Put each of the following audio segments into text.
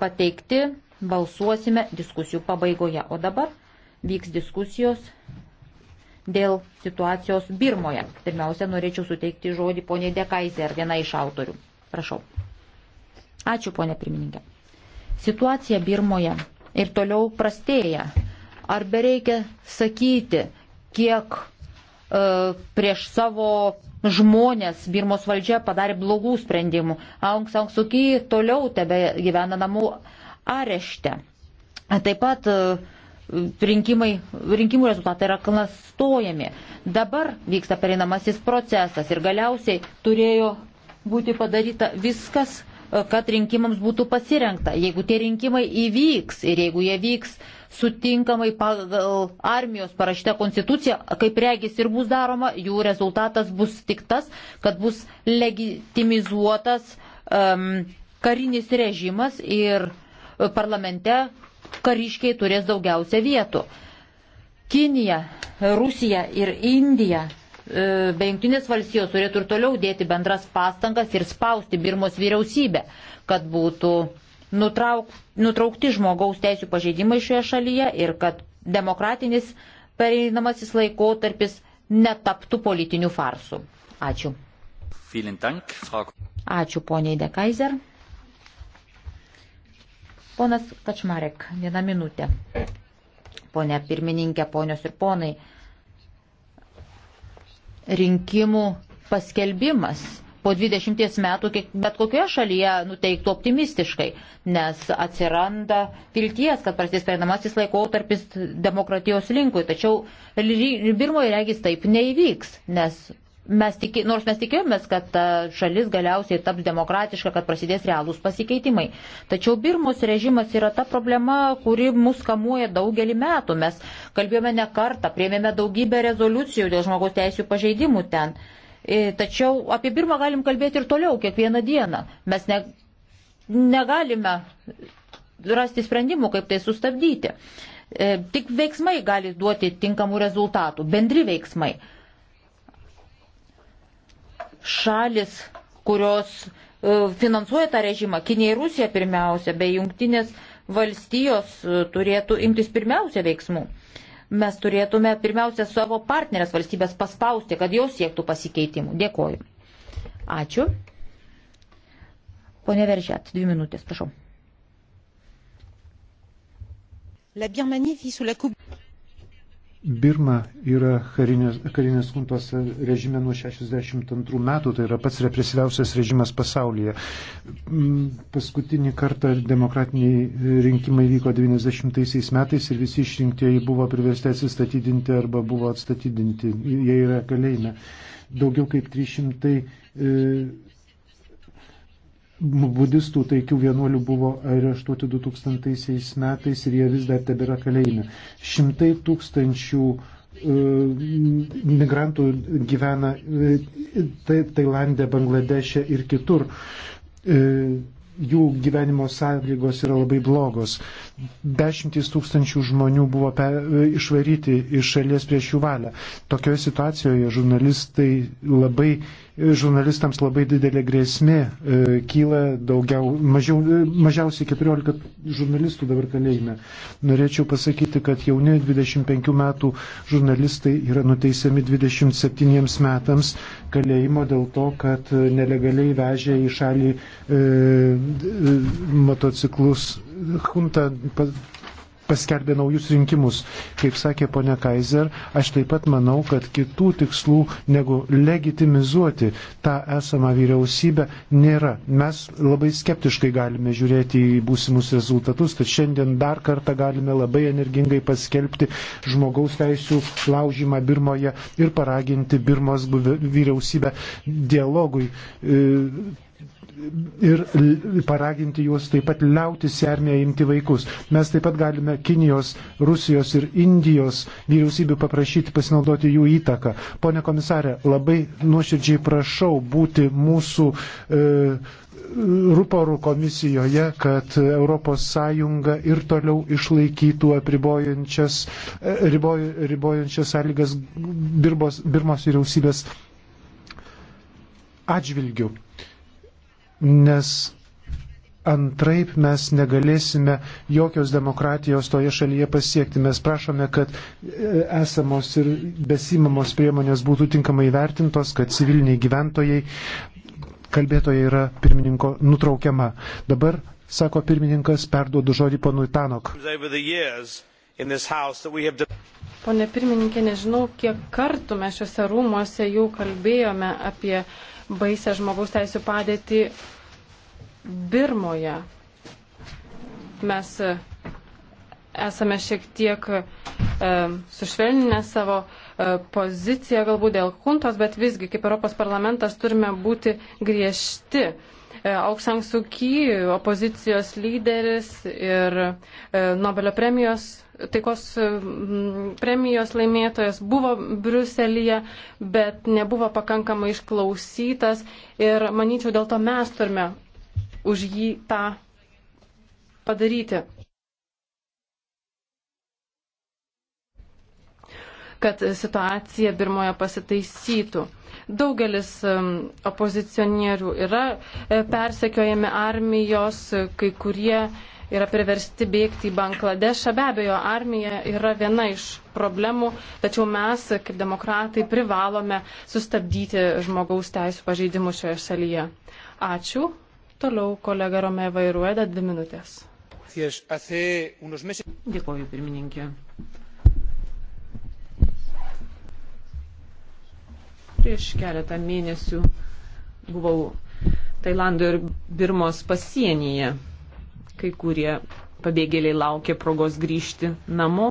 pateikti, balsuosime diskusijų pabaigoje. O dabar vyks diskusijos dėl situacijos Birmoje. Pirmiausia, norėčiau suteikti žodį poniai Dekaizė, ar viena iš autorių. Prašau. Ačiū, ponė pirmininkė. Situacija Birmoje ir toliau prastėja. Ar bereikia sakyti, kiek e, prieš savo žmonės, Birmos valdžia padarė blogų sprendimų. Aung San Suu Kyi toliau tebe gyvena namų arešte. Taip pat e, rinkimai, rinkimų rezultatai yra klastojami. Dabar vyksta pereinamasis procesas ir galiausiai turėjo būti padaryta viskas, e, kad rinkimams būtų pasirengta. Jeigu tie rinkimai įvyks ir jeigu jie vyks sutinkamai pagal armijos parašytą konstituciją, kaip regis ir bus daroma, jų rezultatas bus tik tas, kad bus legitimizuotas um, karinis režimas ir parlamente kariškiai turės daugiausia vietų. Kinija, Rusija ir Indija e, be jungtinės valstijos turėtų ir toliau dėti bendras pastangas ir spausti Birmos vyriausybę, kad būtų nutrauk, nutraukti žmogaus teisų pažeidimai šioje šalyje ir kad demokratinis pereinamasis laikotarpis netaptų politinių farsų. Ačiū. Ačiū poniai De Kaiser. Ponas Kačmarek, vieną minutę. Pone pirmininkė, ponios ir ponai, rinkimų paskelbimas po 20 metų bet kokioje šalyje nuteiktų optimistiškai, nes atsiranda vilties, kad prasidės perinamasis laikotarpis demokratijos linkui. Tačiau Birmoje regis taip neįvyks, nes mes tiki, nors mes tikėjomės, kad šalis galiausiai taps demokratiška, kad prasidės realūs pasikeitimai. Tačiau Birmos režimas yra ta problema, kuri mus kamuoja daugelį metų. Mes kalbėjome ne kartą, priemėme daugybę rezoliucijų dėl žmogaus teisų pažeidimų ten. E, tačiau apie Birmą galim kalbėti ir toliau, kiekvieną dieną. Mes ne, negalime rasti sprendimų, kaip tai sustabdyti. E, tik veiksmai gali duoti tinkamų rezultatų, bendri veiksmai. Šalis, kurios e, finansuoja tą režimą, Kinija ir Rusija pirmiausia, bei jungtinės valstijos turėtų imtis pirmiausia veiksmų mes turėtume pirmiausia savo partnerės valstybės paspausti, kad jos siektų pasikeitimų. Dėkoju. Ačiū. Pone Veržėt, dvi minutės, prašau. La Birmanie vit sous la coupe. Birma yra karinės, karinės kuntos režime nuo 62 metų, tai yra pats represyviausias režimas pasaulyje. Mm, paskutinį kartą demokratiniai rinkimai vyko 90 metais ir visi išrinktieji buvo priversti atsistatydinti arba buvo atstatydinti. Jie yra kalėjime. Daugiau kaip 300 e, budistų taikių vienuolių buvo areštuoti 2000 metais ir jie vis dar tebėra kalėjime. Šimtai tūkstančių e, migrantų gyvena e, tai, Tailandė, Bangladešė ir kitur. E, jų gyvenimo sąlygos yra labai blogos. Dešimtys tūkstančių žmonių buvo išvaryti iš šalies prieš jų valią. Tokioje situacijoje žurnalistai labai žurnalistams labai didelė grėsmė e, kyla, daugiau, mažiau, e, mažiausiai 14 žurnalistų dabar kalėjime. Norėčiau pasakyti, kad jauni 25 metų žurnalistai yra nuteisiami 27 metams kalėjimo dėl to, kad nelegaliai vežė į šalį e, e motociklus. Hunta paskelbė naujus rinkimus. Kaip sakė ponia Kaiser, aš taip pat manau, kad kitų tikslų negu legitimizuoti tą esamą vyriausybę nėra. Mes labai skeptiškai galime žiūrėti į būsimus rezultatus, tad šiandien dar kartą galime labai energingai paskelbti žmogaus teisų laužymą Birmoje ir paraginti Birmos vyriausybę dialogui. E, ir paraginti juos taip pat liautis į armiją imti vaikus. Mes taip pat galime Kinijos, Rusijos ir Indijos vyriausybių paprašyti pasinaudoti jų įtaką. Pone komisarė, labai nuoširdžiai prašau būti mūsų e, ruporų komisijoje, kad ES ir toliau išlaikytų apribojančias, e, riboj, ribojančias sąlygas Birbos, Birmos vyriausybės atžvilgių nes antraip mes negalėsime jokios demokratijos toje šalyje pasiekti. Mes prašome, kad e, esamos ir besimamos priemonės būtų tinkamai vertintos, kad civiliniai gyventojai, kalbėtoje yra pirmininko nutraukiama. Dabar, sako pirmininkas, perduodu žodį ponui Tanok. Pone pirmininkė, nežinau, kiek kartų mes šiuose rūmuose jau kalbėjome apie baisę žmogaus teisų padėtį Birmoje. Mes e, esame šiek tiek e, sušvelninę savo e, E, poziciją galbūt dėl kuntos, bet visgi kaip Europos parlamentas turime būti griežti. E, Auksan Suky, opozicijos lyderis ir e, Nobelio premijos, taikos premijos laimėtojas buvo Bruselėje, bet nebuvo pakankamai išklausytas ir manyčiau dėl to mes turime už jį tą padaryti. kad situacija Birmoje pasitaisytų. Daugelis opozicionierių yra e, persekiojami armijos, kai kurie yra priversti bėgti į Bangladešą. Be abejo, armija yra viena iš problemų, tačiau mes, kaip demokratai, privalome sustabdyti žmogaus teisų pažeidimus šioje šalyje. Ačiū. Toliau kolega Romeva ir Rueda dvi minutės. Dėkuoju, pirmininkė. Prieš keletą mėnesių buvau Tailando ir Birmos pasienyje. Kai kurie pabėgėliai laukia progos grįžti namo.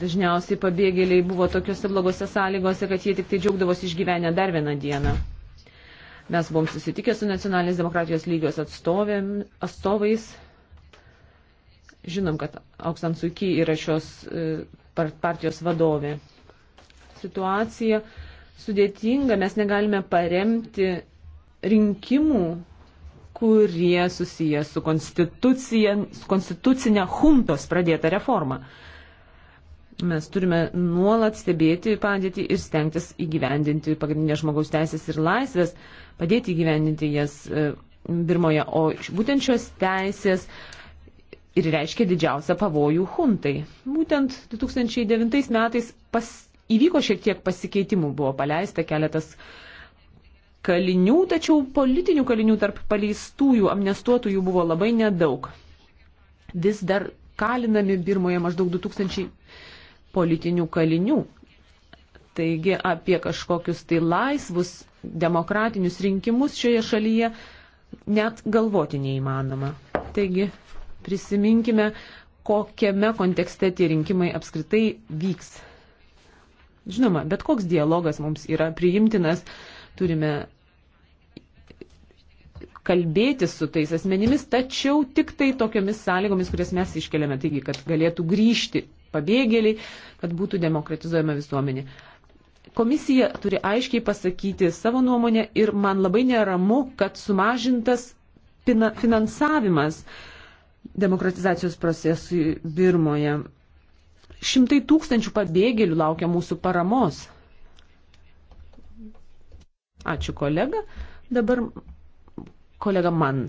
Dažniausiai pabėgėliai buvo tokiuose blogose sąlygose, kad jie tik tai džiaugdavosi išgyvenę dar vieną dieną. Mes buvom susitikę su nacionalinės demokratijos lygios atstovėm, atstovais. Žinom, kad Auksan Suky yra šios e, partijos vadovė situacija sudėtinga, mes negalime paremti rinkimų, kurie susiję su, su konstitucinė huntos pradėta reforma. Mes turime nuolat stebėti padėtį ir stengtis įgyvendinti pagrindinės žmogaus teisės ir laisvės, padėti įgyvendinti jas e, Birmoje. O būtent šios teisės ir reiškia didžiausią pavojų huntai. Būtent 2009 metais pas, įvyko šiek tiek pasikeitimų, buvo paleista keletas kalinių, tačiau politinių kalinių tarp paleistųjų, amnestuotųjų buvo labai nedaug. Vis dar kalinami Birmoje maždaug 2000 politinių kalinių. Taigi apie kažkokius tai laisvus demokratinius rinkimus šioje šalyje net galvoti neįmanoma. Taigi prisiminkime, kokiame kontekste tie rinkimai apskritai vyks Žinoma, bet koks dialogas mums yra priimtinas, turime kalbėti su tais asmenimis, tačiau tik tai tokiamis sąlygomis, kurias mes iškeliame, taigi, kad galėtų grįžti pabėgėliai, kad būtų demokratizuojama visuomenė. Komisija turi aiškiai pasakyti savo nuomonę ir man labai neramu, kad sumažintas finansavimas demokratizacijos procesui Birmoje. Šimtai tūkstančių pabėgėlių laukia mūsų paramos. Ačiū kolega. Dabar kolega man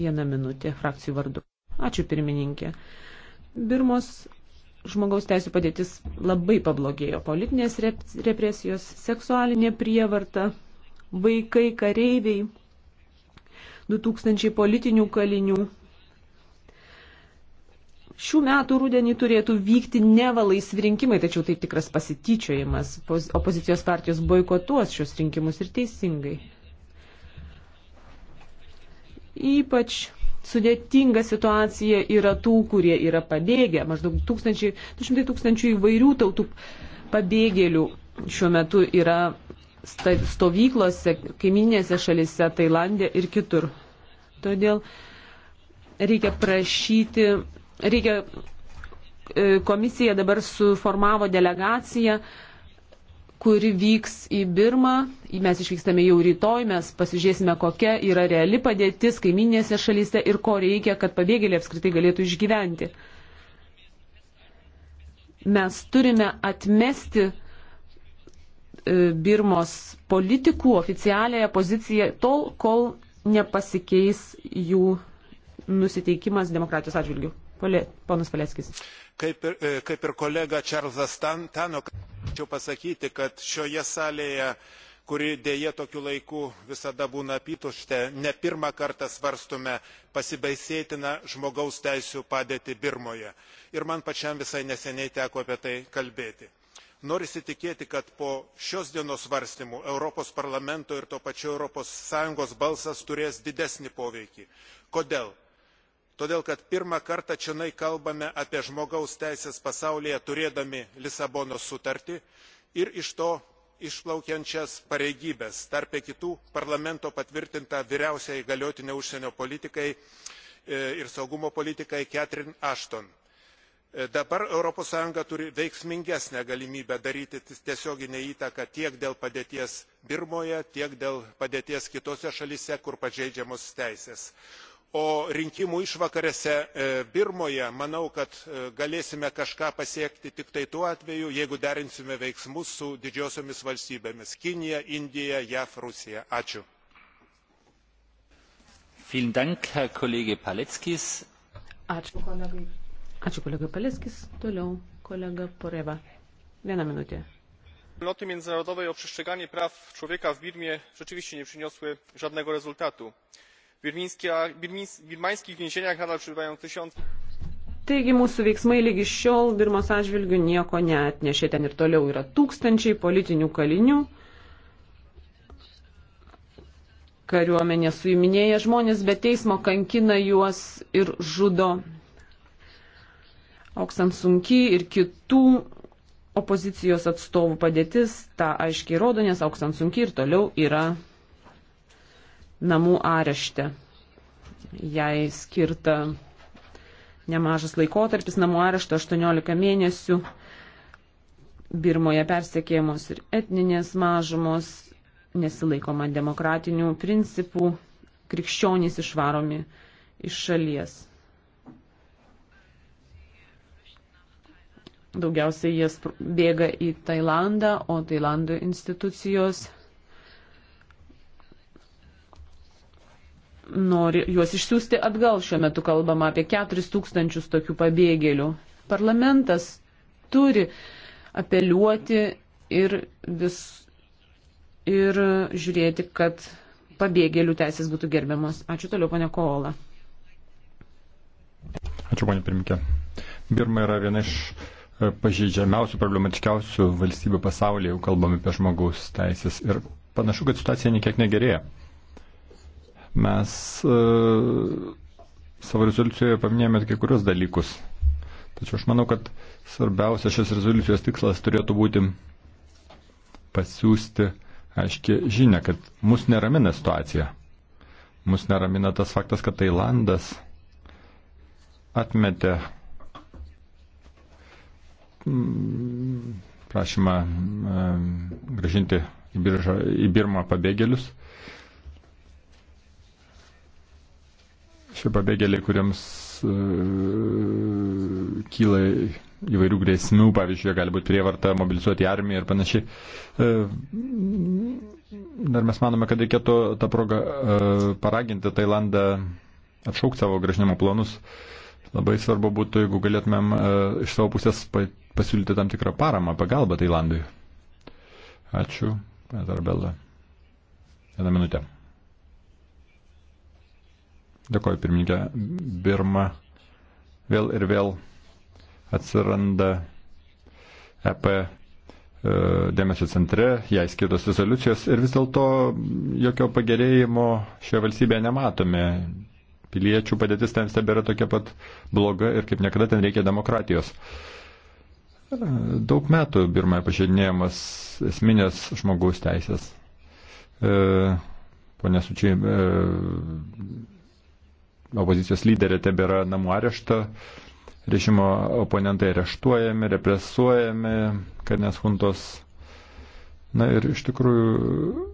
vieną minutę frakcijų vardu. Ačiū pirmininkė. Birmos žmogaus teisų padėtis labai pablogėjo. Politinės represijos, seksualinė prievarta, vaikai, kareiviai, 2000 politinių kalinių šių metų rudenį turėtų vykti nevalais rinkimai, tačiau tai tikras pasityčiojimas. Opozicijos partijos boikotuos šios rinkimus ir teisingai. Ypač sudėtinga situacija yra tų, kurie yra pabėgę. Maždaug 200 tūkstančių, tūkstančių įvairių tautų pabėgėlių šiuo metu yra stovyklose, kaiminėse šalise, Tailandė ir kitur. Todėl reikia prašyti reikia, e, komisija dabar suformavo delegaciją, kuri vyks į Birmą. Mes išvykstame jau rytoj, mes pasižiūrėsime, kokia yra reali padėtis kaiminėse šalyse ir ko reikia, kad pabėgėliai apskritai galėtų išgyventi. Mes turime atmesti e, Birmos politikų oficialiąją poziciją tol, kol nepasikeis jų nusiteikimas demokratijos atžvilgių. Pole, ponas Paleckis. Kaip ir, e, kaip ir kolega Čarlzas Tanok, norėčiau pasakyti, kad šioje salėje kuri dėja tokiu laiku visada būna apytuštė, ne pirmą kartą svarstume pasibaisėtiną žmogaus teisų padėtį Birmoje. Ir man pačiam visai neseniai teko apie tai kalbėti. Noriu įsitikėti, kad po šios dienos svarstymų Europos parlamento ir to pačiu Europos Sąjungos balsas turės didesnį poveikį. Kodėl? todėl kad pirmą kartą čionai kalbame apie žmogaus teisės pasaulyje turėdami lisabonos sutartį ir iš to išplaukiančias pareigybes tarp kitų parlamento patvirtintą vyriausią įgaliotinę užsienio politikai e, ir saugumo politikai catherine ashton. E, dabar europos sąjunga turi veiksmingesnę galimybę daryti tiesioginę įtaką tiek dėl padėties birmoje tiek dėl padėties kitose šalyse kur pažeidžiamos teisės o rinkimų išvakarėse e, birmoje manau kad e, galėsime kažką pasiekti tik tai tuo atveju jeigu derinsime veiksmus su didžiosiomis valstybėmis kinija indija jav rusija. ačiū. ačiū kolegai, ačiū kolegai paleckis toliau kolega poreva viena minutė wspólnoty międzynarodowej o przestrzeganie praw człowieka w birmie rzeczywiście nie przyniosły żadnego rezultatu. Birmanských więzieniach nadal przebywają tysiące. Taigi mūsų veiksmai lygi šiol Birmos atžvilgių nieko neatnešė. Ten ir toliau yra tūkstančiai politinių kalinių. Kariuomenė suiminėja žmonės, bet teismo kankina juos ir žudo. Oksan Sunky ir kitų opozicijos atstovų padėtis tą aiškiai rodo, nes Oksan Sunky ir toliau yra namų arešte. Jai skirta nemažas laikotarpis namų arešto 18 mėnesių. Birmoje persekėjamos ir etninės mažumos, nesilaikoma demokratinių principų, krikščionys išvaromi iš šalies. Daugiausiai jie bėga į Tailandą, o Tailando institucijos nori juos išsiųsti atgal. Šiuo metu kalbama apie 4000 tokių pabėgėlių. Parlamentas turi apeliuoti ir, vis, ir žiūrėti, kad pabėgėlių teisės būtų gerbiamos. Ačiū toliau, ponia Koola. Ačiū, ponia Pirmikė. Birma yra viena iš e, pažeidžiamiausių, problematiškiausių valstybių pasaulyje, jau kalbame apie žmogaus teisės. Ir panašu, kad situacija niekiek negerėja. Mes e, savo rezoliucijoje paminėjome kai kurios dalykus. Tačiau aš manau, kad svarbiausia šios rezoliucijos tikslas turėtų būti pasiūsti aiškiai žinia, kad mus neramina situacija. Mus neramina tas faktas, kad Tailandas atmetė mm, prašymą mm, gražinti į, biržą, į Birmą pabėgėlius. šie pabėgėliai, kuriems uh, kyla įvairių grėsmių, pavyzdžiui, jie gali būti prievarta mobilizuoti armiją ir panašiai. E, dar mes manome, kad reikėtų tą progą e, paraginti Tailandą atšaukti savo gražinimo planus. Labai svarbu būtų, jeigu galėtumėm iš savo pusės pasiūlyti tam tikrą paramą, pagalbą Tailandui. Ačiū, Petarbela. Vieną minutę. Dėkoju, pirmininkė. Birma vėl ir vėl atsiranda EP e, dėmesio centre, jai skirtos rezoliucijos ir vis dėlto jokio pagerėjimo šioje valstybėje nematome. Piliečių padėtis ten stebėra tokia pat bloga ir kaip niekada ten reikia demokratijos. Daug metų Birmoje pažeidinėjamas esminės žmogaus teisės. E, Pone Sučiai, e, opozicijos lyderė tebėra namų arešto, režimo oponentai areštuojami, represuojami, karinės huntos. Na ir iš tikrųjų e,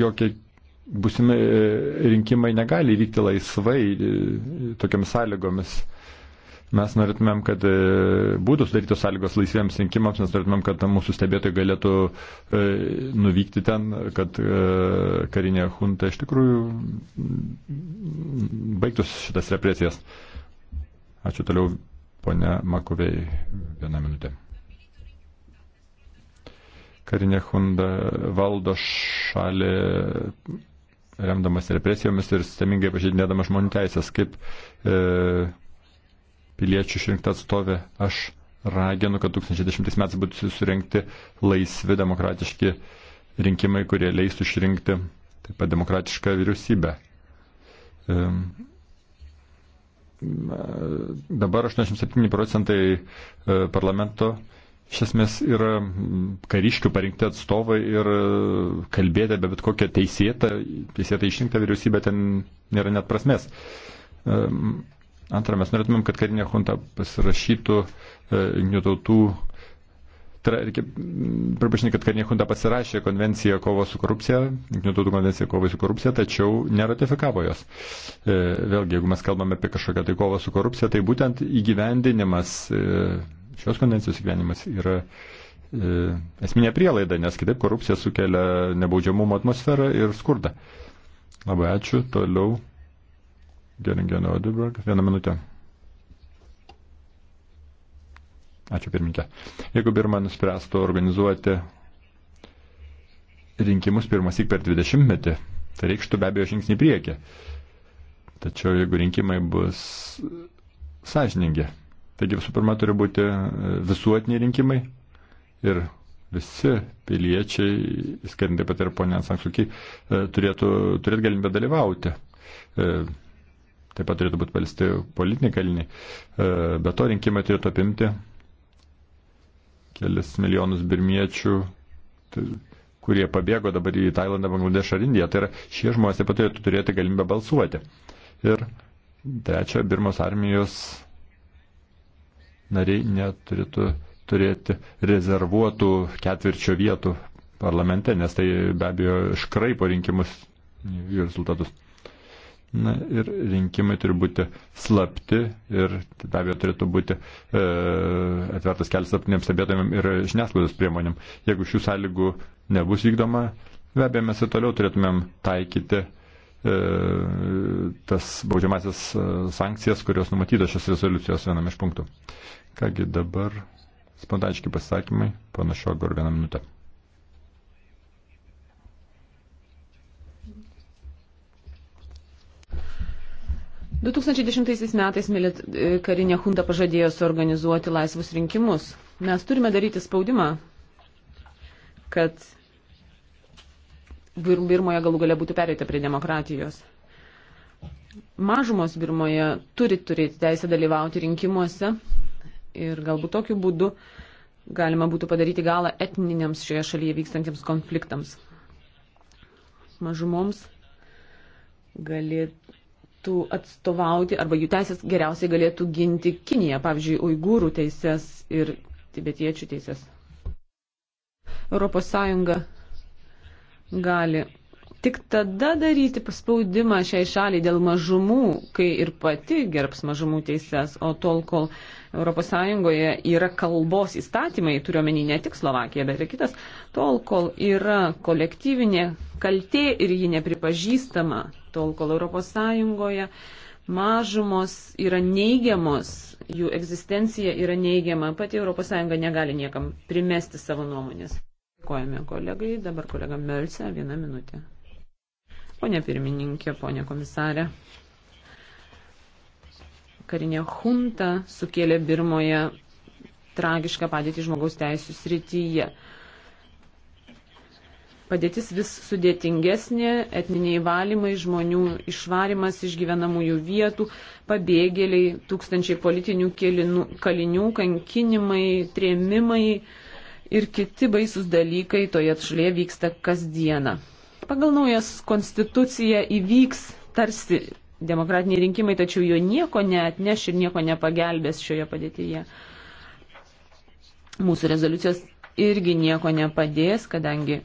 jokie busimi rinkimai negali vykti laisvai e, tokiamis sąlygomis. Mes norėtumėm, kad e, būtų sudarytos sąlygos laisviems rinkimams, mes norėtumėm, kad mūsų stebėtojai galėtų e, nuvykti ten, kad e, karinė junta iš tikrųjų baigtų šitas represijas. Ačiū toliau, ponia Makovei, vieną minutę. Karinė junta valdo šalį remdamas represijomis ir sistemingai pažeidinėdamas žmonių teisės, kaip e, piliečių išrinkta atstovė, aš raginu, kad 2010 metais būtų surinkti laisvi demokratiški rinkimai, kurie leistų išrinkti taip pat demokratišką vyriausybę. Dabar 87 procentai e, parlamento iš esmės yra kariškių parinkti atstovai ir e, kalbėti apie bet kokią teisėtą, teisėtą išrinktą vyriausybę ten nėra net prasmės. Antra, mes norėtumėm, kad karinė junta pasirašytų e, jungtinių e, tautų. Reikia pripažinti, kad karinė junta pasirašė konvenciją kovo su korupcija, jungtinių tautų konvenciją kovo su korupcija, tačiau neratifikavo jos. E, vėlgi, jeigu mes kalbame apie kažkokią tai kovą su korupcija, tai būtent įgyvendinimas, e, šios konvencijos įgyvendinimas yra e, esminė prielaida, nes kitaip korupcija sukelia nebaudžiamumo atmosferą ir skurdą. Labai ačiū. Toliau Geringenio Odeberg. Vieną minutę. Ačiū pirmininkė. Jeigu Birma nuspręstų organizuoti rinkimus pirmąsik per 20 metį, tai reikštų be abejo žingsnį priekį. Tačiau jeigu rinkimai bus sąžiningi, taigi visų pirma turi būti e, visuotiniai rinkimai ir visi piliečiai, skaitant taip pat ir ponė Sanksukį, e, turėtų turėti galimybę dalyvauti. E, Taip pat turėtų būti palisti politiniai kaliniai. E, be to rinkimai turėtų apimti kelis milijonus birmiečių, kurie pabėgo dabar į Tailandą, Bangladešą ar Indiją. Tai yra šie žmonės taip pat turėtų turėti galimybę balsuoti. Ir trečia, Birmos armijos nariai neturėtų turėti rezervuotų ketvirčio vietų parlamente, nes tai be abejo iškraipo rinkimus jų rezultatus. Na, ir rinkimai turi būti slapti ir be abejo turėtų būti e, atvertas kelias slaptiniam stebėtojim ir žiniasklaidos priemonėm. Jeigu šių sąlygų nebus vykdoma, be abejo mes ir toliau turėtumėm taikyti e, tas baudžiamasias e, sankcijas, kurios numatytos šios rezoliucijos viename iš punktų. Kągi dabar spontaniški pasisakymai, panašu, agur vieną minutę. 2010 metais milit, e, karinė junta pažadėjo suorganizuoti laisvus rinkimus. Mes turime daryti spaudimą, kad Birmoje galų galia būtų pereita prie demokratijos. Mažumos Birmoje turi turėti teisę dalyvauti rinkimuose ir galbūt tokiu būdu galima būtų padaryti galą etniniams šioje šalyje vykstantiems konfliktams. Mažumoms galėtų galėtų atstovauti arba jų teisės geriausiai galėtų ginti Kinija, pavyzdžiui, uigūrų teises ir tibetiečių teises. ES gali tik tada daryti paspaudimą šiai šaliai dėl mažumų, kai ir pati gerbs mažumų teises, o tol, kol ES yra kalbos įstatymai, turiuomenį ne tik Slovakija, bet ir kitas, tol, kol yra kolektyvinė kaltė ir ji nepripažįstama, tol, kol ES mažumos yra neigiamos, jų egzistencija yra neigiama, pati ES negali niekam primesti savo nuomonės. Dėkojame kolegai, dabar kolega Melsė, vieną minutę. Pone pirmininkė, pone komisarė. Karinė junta sukėlė Birmoje tragišką padėtį žmogaus teisų srityje. Padėtis vis sudėtingesnė, etniniai valymai, žmonių išvarimas iš gyvenamųjų vietų, pabėgėliai, tūkstančiai politinių kėlinų, kalinių, kankinimai, trėmimai ir kiti baisūs dalykai toje šalyje vyksta kasdieną. Pagal naujas konstituciją įvyks tarsi demokratiniai rinkimai, tačiau jo nieko neatneš ir nieko nepagelbės šioje padėtyje. Mūsų rezoliucijos irgi nieko nepadės, kadangi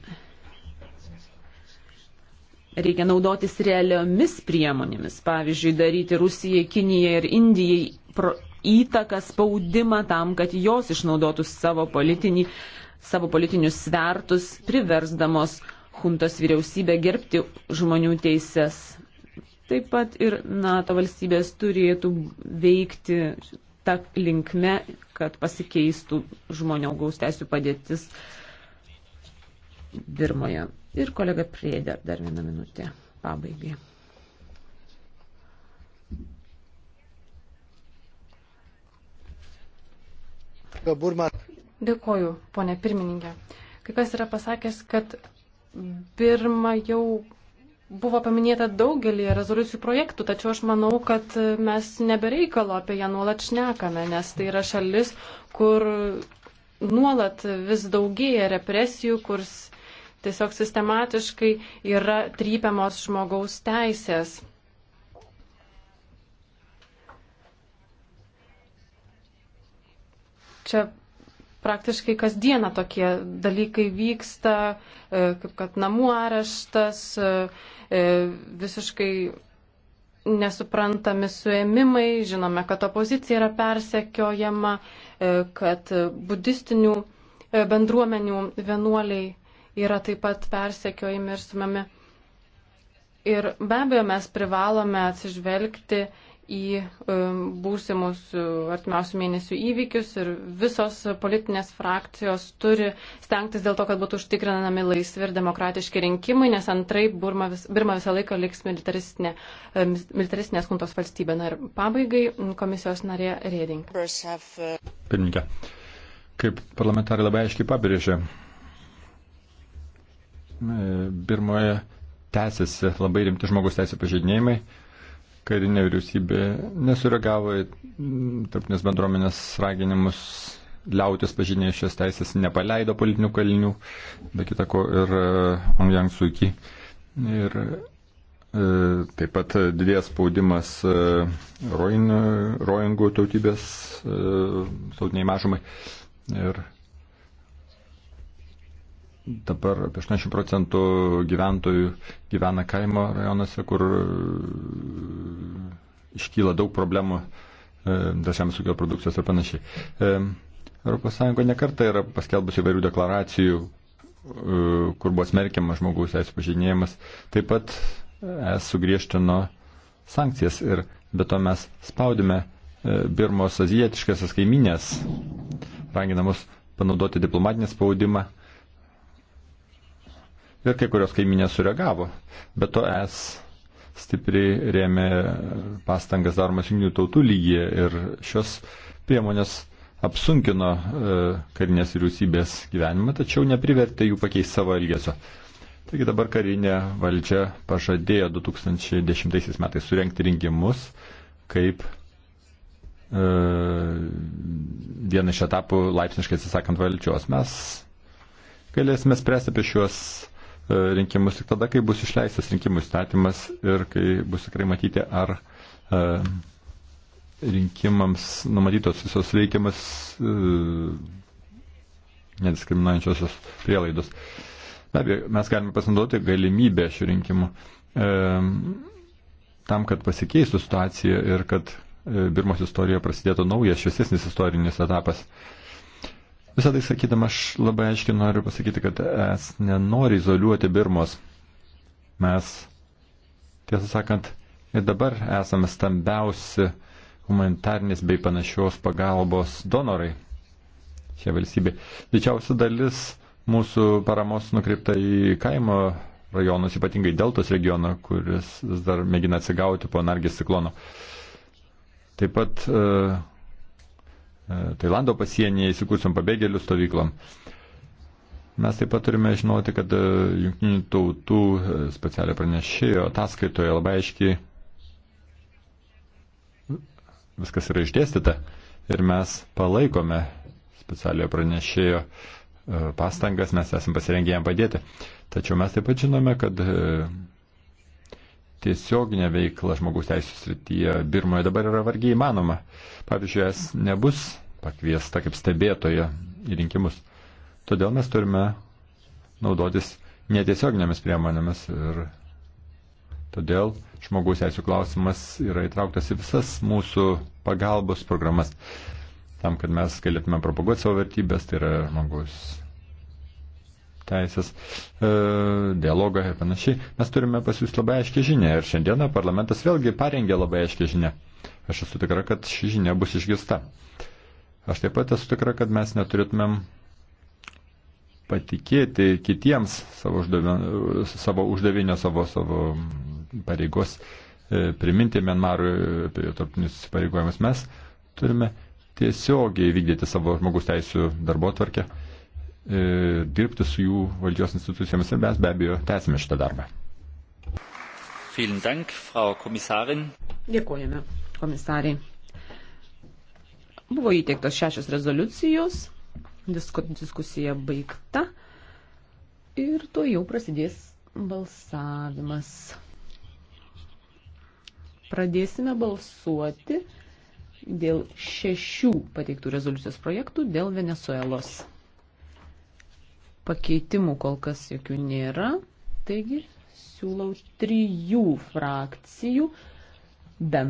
Reikia naudotis realiomis priemonėmis, pavyzdžiui, daryti Rusijai, Kinijai ir Indijai pro, įtaką, spaudimą tam, kad jos išnaudotų savo, politinį, savo politinius svertus, priversdamos juntos vyriausybę gerbti žmonių teises. Taip pat ir NATO valstybės turėtų veikti tą linkme, kad pasikeistų žmonių gaus teisų padėtis Birmoje. Ir kolega Prieder, dar vieną minutę pabaigai. Dėkoju, ponė pirmininkė. Kai kas yra pasakęs, kad Birma jau buvo paminėta daugelį rezoliucijų projektų, tačiau aš manau, kad mes nebereikalo apie ją nuolat šnekame, nes tai yra šalis, kur nuolat vis daugėja represijų, kurs tiesiog sistematiškai yra trypiamos žmogaus teisės. Čia praktiškai kasdieną tokie dalykai vyksta, e, kaip kad namų areštas, e, e, visiškai nesuprantami suėmimai, žinome, kad opozicija yra persekiojama, kad budistinių bendruomenių vienuoliai yra taip pat persekiojami ir sumami. Ir be abejo, mes privalome atsižvelgti į um, būsimus uh, artimiausių mėnesių įvykius ir visos politinės frakcijos turi stengtis dėl to, kad būtų užtikrinami laisvi ir demokratiški rinkimai, nes antrai Burma, vis, Birma visą laiką liks militaristinė, um, militaristinės kuntos valstybė. Na ir pabaigai um, komisijos narė Rėding. Uh, Pirmininkė, kaip parlamentarai labai aiškiai pabrėžė, Birmoje tęsiasi labai rimti žmogus teisų pažeidinėjimai. Karinė vyriausybė nesureagavo į tarptinės bendruomenės raginimus liautis pažinėjo šias teisės, nepaleido politinių kalinių, be kitako ir Aung e, San Suu Kyi. Ir e, Taip pat didės spaudimas e, roingų tautybės, tautiniai mažumai. Ir Dabar apie 80 procentų gyventojų gyvena kaimo rajonuose, kur e, iškyla daug problemų e, dėl žemės ūkio produkcijos ir panašiai. ES nekarta yra paskelbusi įvairių deklaracijų, e, kur buvo smerkiamas žmogaus teisų pažinėjimas. Taip pat es sugriežtino sankcijas ir be to mes spaudėme Birmos azijietiškas kaiminės, ranginamus panaudoti diplomatinį spaudimą ir kai kurios kaiminės sureagavo. Bet to es stipriai rėmė pastangas daromas jungtinių tautų lygyje ir šios priemonės apsunkino e, karinės vyriausybės gyvenimą, tačiau neprivertė jų pakeisti savo elgesio. Taigi dabar karinė valdžia pažadėjo 2010 metais surenkti rinkimus kaip e, vieną iš etapų laipsniškai atsisakant valdžios. Mes galėsime spręsti apie šiuos E, rinkimus tik tada, kai bus išleistas rinkimų įstatymas ir kai bus tikrai matyti, ar e, rinkimams numatytos visos reikiamas e, nediskriminuojančiosios prielaidos. Be abejo, mes galime pasinaudoti galimybę šių rinkimų tam, kad pasikeistų situacija ir kad Birmos istorijoje prasidėtų naujas šviesesnis istorinis etapas. Visą tai sakydama, aš labai aiškiai noriu pasakyti, kad es nenori izoliuoti Birmos. Mes, tiesą sakant, ir dabar esame stambiausi humanitarnės bei panašios pagalbos donorai šią valstybę. Didžiausia dalis mūsų paramos nukreipta į kaimo rajonus, ypatingai Deltos regioną, kuris vis dar mėgina atsigauti po energijos ciklono. Taip pat uh, E, Tailando pasienyje įsikūrusiam pabėgėlių stovyklom. Mes taip pat turime žinoti, kad e, jungtinių tautų e, specialio pranešėjo ataskaitoje labai aiškiai viskas yra išdėstyta ir mes palaikome specialiojo pranešėjo pastangas, mes esame pasirengę jam padėti. Tačiau mes taip pat žinome, kad tiesioginę veiklą žmogaus teisų srityje Birmoje dabar yra vargiai įmanoma. Pavyzdžiui, es nebus pakviesta kaip stebėtoja į rinkimus. Todėl mes turime naudotis netiesioginėmis priemonėmis ir todėl žmogaus teisų klausimas yra įtrauktas į visas mūsų pagalbos programas tam, kad mes galėtume propaguoti savo vertybės, tai yra žmogus teisės, e, dialogą ir panašiai, mes turime pasiūsti labai aiškę žinę. Ir šiandieną parlamentas vėlgi parengė labai aiškę žinę. Aš esu tikra, kad ši žinia bus išgirsta. Aš taip pat esu tikra, kad mes neturėtumėm patikėti kitiems savo uždavinio, savo, uždavinio, savo, savo pareigos e, priminti Mienmarui apie jo tarptinius įsipareigojimus. Mes turime tiesiogiai vykdyti savo žmogus teisų darbo tvarkę E, dirbti su jų valdžios institucijomis ir mes be abejo tęsime šitą darbą. Dank, Frau Dėkojame, komisariai. Buvo įteiktos šešios rezoliucijos, diskusija baigta ir to jau prasidės balsavimas. Pradėsime balsuoti dėl šešių pateiktų rezoliucijos projektų dėl Venezuelos. Pakeitimų kol kas jokių nėra, taigi siūlau trijų frakcijų bendrą.